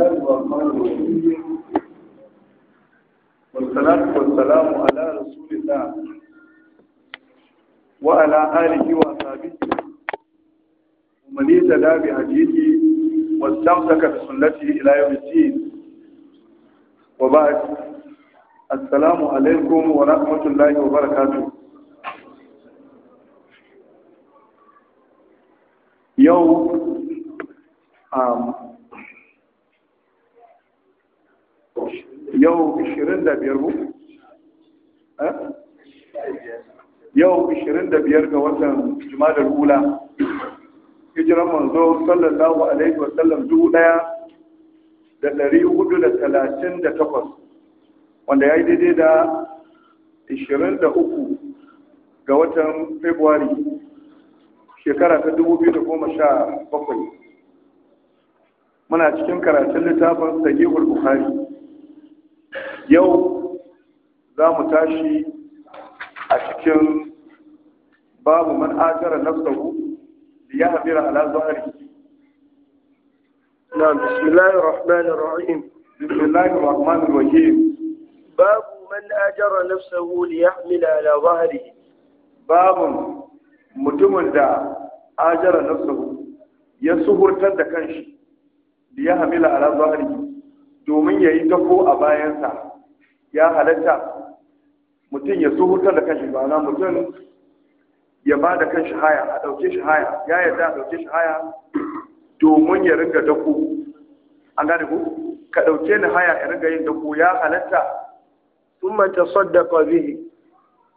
الله الرحمن الرحيم والصلاة والسلام على رسول الله وعلى آله وأصحابه ومن اهتدى بهديه واستمسك بسنته إلى يوم الدين وبعد السلام عليكم ورحمة الله وبركاته يوم um, yau 25 mu eh? yau 25 ga watan jumadar hula hijiran manzo sallallahu alaihi wasallam dubu daya da dari hudu da talatin da takwas wanda ya yi daidai da 23 ga watan februari shekara ta 2017 muna cikin karatun littafin sahihul bukhari yau za mu tashi a cikin babu man ajiyar nafsahu da ya hamira ala zahari na bismillahir rahmanir rahim bismillahir rahmanir rahim babu man ajiyar nafsahu da ya hamira ala zahari babu mutumin da ajiyar nafsahu ya suhurtar da kanshi da ya hamira ala zahari domin ya yi dako a bayansa ya halatta mutum ya zuhutar da kashi ba na mutum ya ba da kashi haya a ɗauke shi haya ya yarda a ɗauke shi haya domin ya ringa dako an gane ku ka ɗauke ni haya ya ringa yin dako ya halatta sun son saddaka bihi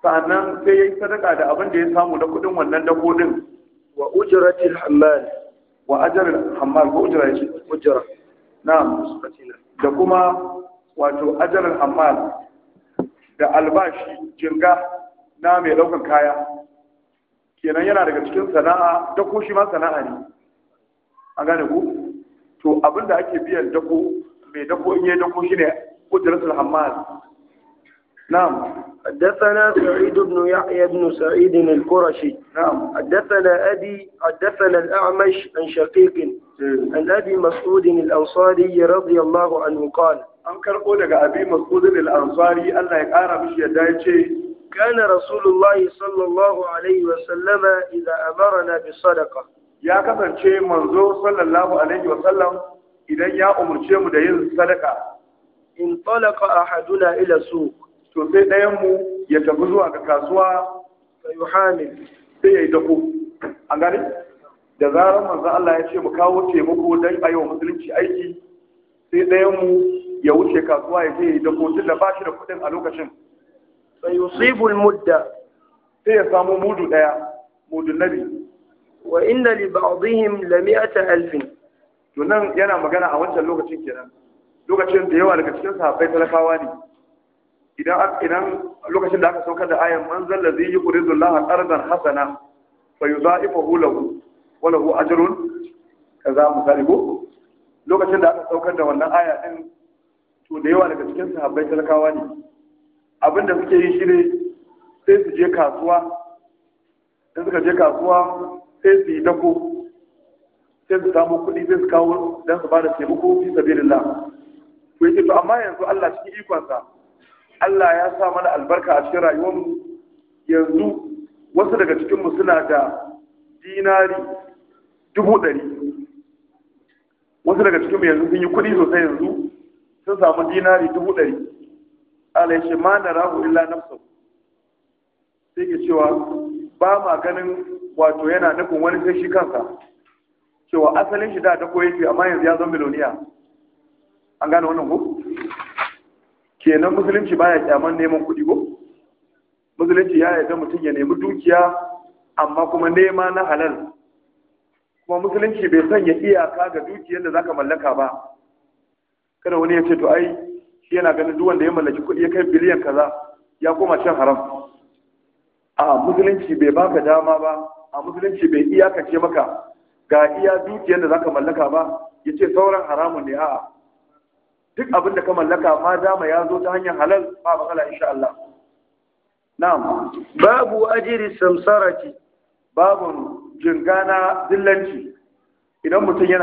sannan sai ya yi sadaka da abin da ya samu da kuɗin wannan dako din wa ujratil hammal wa ajrul hammal ko ujra ce ujra na'am da kuma wato ajarin amal da albashi jirga na mai ɗaukar kaya kenan yana daga cikin sana'a shi ma sana'a ne an gane ku to abinda ake biyan dako mai dako in yi dako shi ne kudiratul hamad na'am حدثنا سعيد بن يحيى بن سعيد القرشي نعم حدثنا أبي حدثنا الأعمش عن شقيق عن أبي مسعود الأنصاري رضي الله عنه قال an karɓo daga abi masudin al-ansari Allah ya ƙara mishi yadda ya ce kana rasulullahi sallallahu alaihi wa sallama amara na bi sadaqa ya kasance manzo sallallahu alaihi wa sallam idan ya umurce mu da yin sadaka in talaqa ahaduna ila suq to sai ɗayan mu ya tafi zuwa ga kasuwa fa yuhamil sai yayi dako an gani da zarar manzo Allah ya ce mu kawo taimako dan ayyuka musulunci aiki sai ɗayan mu ya wuce kasuwa ya je da kotun da ba shi da kuɗin a lokacin sai yusibul mudda sai ya samu mudu daya mudun nabi wa inna li ba'dihim la mi'ata alfin to nan yana magana a wancan lokacin kenan lokacin da yawa daga cikin sahabbai talakawa ne idan idan lokacin da aka saukar da ayan man zalla zai yi quridullaha qardan hasana fa yudha'ifuhu lahu wa lahu ajrun kaza misali ko lokacin da aka saukar da wannan aya din to da yawa daga cikin sahabbai talakawa ne abin da suke yi shi ne sai su je kasuwa sai suka je kasuwa sai su yi dako sai su samu kuɗi sai su kawo don su ba da taimako fi sabilillah to yake to amma yanzu Allah cikin ikonsa Allah ya sa mana albarka a cikin rayuwar yanzu wasu daga cikinmu suna da dinari dubu ɗari wasu daga cikinmu yanzu sun yi kuɗi sosai yanzu sun samu dinari dubu ɗari alai shi ma na rahu illa nafsu sai ke cewa ba ma ganin wato yana nufin wani sai shi kansa cewa asalin shi da ta koyi fi amma yanzu ya zo miloniya an gane wannan ko kenan musulunci baya kyaman neman kuɗi ko musulunci ya yarda mutum ya nemi dukiya amma kuma nema na halal kuma musulunci bai sanya iyaka ga dukiyar da zaka mallaka ba kada wani ya ce to ai shi yana ganin duk wanda ya mallaki kuɗi ya kai biliyan kaza ya koma shan haram a musulunci bai baka dama ba a musulunci bai iyakance maka ga iya dukiyar da zaka mallaka ba ya ce sauran haramun ne a'a duk abin da ka mallaka ma dama ya zo ta hanyar halal ba matsala insha Allah na'am babu ajiri samsarati babu jingana dillanci idan mutum yana